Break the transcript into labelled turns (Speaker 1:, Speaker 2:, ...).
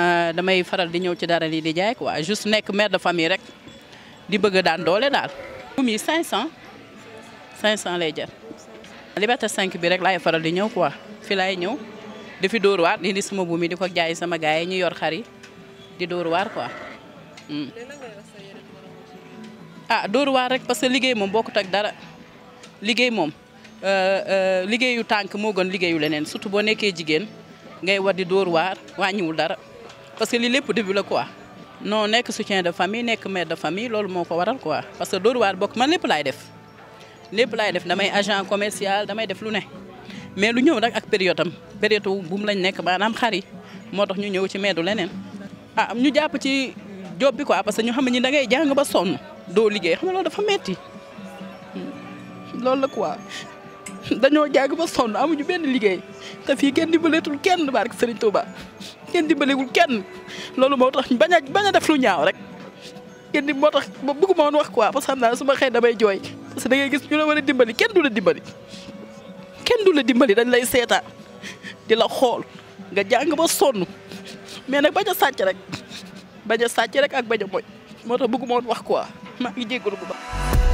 Speaker 1: Euh, damay faral di ñëw ci dara lii di jaay ko juste nekk mère de famille rek di bëgg daan doole daal. buum yi 500 500 lay jar. Liberté cinq bi rek laay faral di ñëw quoi fi lay ñëw di fi dóor waar di sama buum yi di ko jaay sama gars yi ñu yor xari di dóor waar quoi. Hmm. ah dóor waar rek parce que liggéey moom boo ko ak dara liggéey moom euh, euh, liggéeyu tànk moo gën liggéeyu leneen surtout boo nekkee jigéen ngay war di dóor waar dara. parce que lii lépp début la quoi non nek soutien de famille nek mère de famille loolu moko waral quoi parce que Dóor waar bokk man lepp lay def Lepp lay def damay agent commercial damay def lu ne mais lu ñew nak ak période am période buum lañ nek maanaam xar yi moo ñu ñew ci meedu lenen. ah ñu japp ci job bi quoi parce que ñu xam ne ñi da ngay jàng ba son do liggéey xam nga
Speaker 2: loolu dafa metti hmm. loolu la quoi dañoo jàng ba sonn amuñu benn liggéey te fi kenn dimbaleetul kenn barke Serigne Touba kenn dimbaliwul kenn loolu moo tax bañ a bañ a def lu ñaaw rek kenn di moo tax ba bëgguma woon wax quoi parce que xam naa su ma xëy damay jooy parce que gis ñu la war a dimbali kenn du la dimbali kenn du la dimbali dañ lay seetaan di la xool nga jàng ba sonn mais nag bañ a sàcc rek bañ a sàcc rek ak bañ a moy moo tax bëgguma woon wax quoi maa ngi jéggalu bu ba